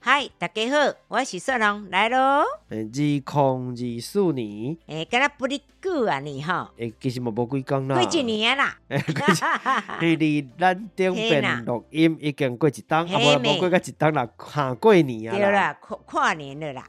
嗨，大家好，我是小龍，來嘍。二零二四年，哎、欸，干那不離久啊，你吼，哎，其實冇冇幾工啦，過一年啦。哎、欸，哈哈第二， 咱這邊錄音已經過一檔，啊，冇過個一檔啦，啦，跨過年啦，對啦，跨跨年了啦。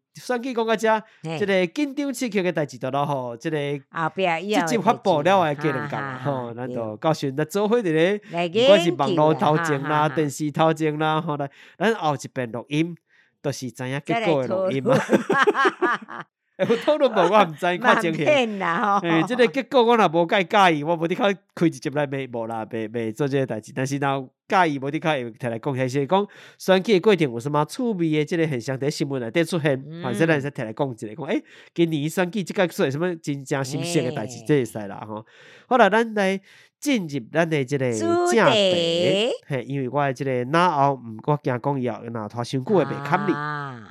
算計講到遮即、這個緊張刺激嘅代志到落吼，即個直接發布了啊，給人講吼，咱、啊、道、啊啊嗯嗯、到時陣做伙佇咧，我是網絡頭前啦、啊，電視頭前啦，吼咱咱後一遍錄音，都、就是知影結果嘅錄音嘛、啊。 普通都無，我毋知影。看情形，哎、哦欸，即個結果我若無甲伊佮意，我無的確開一集來袂無啦，袂袂做即個代志。但是若有佮意，無的確會摕來講，迄時陣講選舉的過程，有啥物趣味的，即個、個、現象佇咧新聞內底出現，嗯、反正咱會使摕來講，一下講，哎、欸，今年選舉這，、欸、這個數，啥物真正新鮮嘅代志，這會使啦，吼。好啦，咱來進入咱誒，即個正題。係因為我誒即個拿澳毋過驚講以後，若拖傷久會袂合理。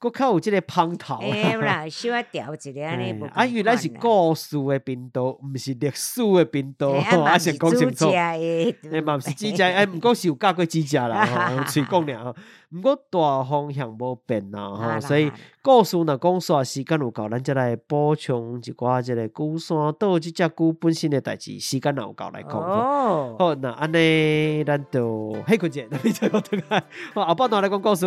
佫較有即個胖頭誒，欸、啦，稍 調一下安尼啊，因為是故事誒頻道，唔是歷史誒頻道。哎、欸，啊，嘛、啊、是煮食誒，哎，嘛是煮食，哎、 欸，唔過是加、 啊、 過煮食啦，是講倆，唔過大方向無變啦，吼，所以故事若講時間有夠，咱來補充一寡即個龜山島即隻龜本身誒代志，時間有夠來講、哦。好，那安尼咱就來講故事。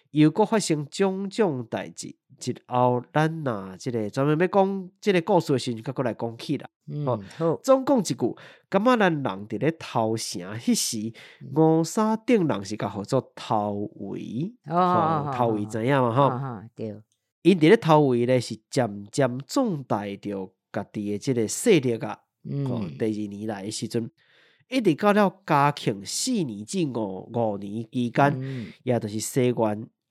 又發生種種代誌，之後咱呐、這個，即個專門要講即個故事的時陣，才閣來講起來。哦，總共一句，感覺咱人哋咧頭城啊，迄時五沙頂人是叫號做頭圍、哦哦哦，頭頭圍知影嘛？哈、哦，對、哦，因哋咧頭圍咧是漸漸壯大己的這，着家己嘅即個勢力，第二年來的時陣，一直到了嘉慶四年至五五年之間、嗯，也都是社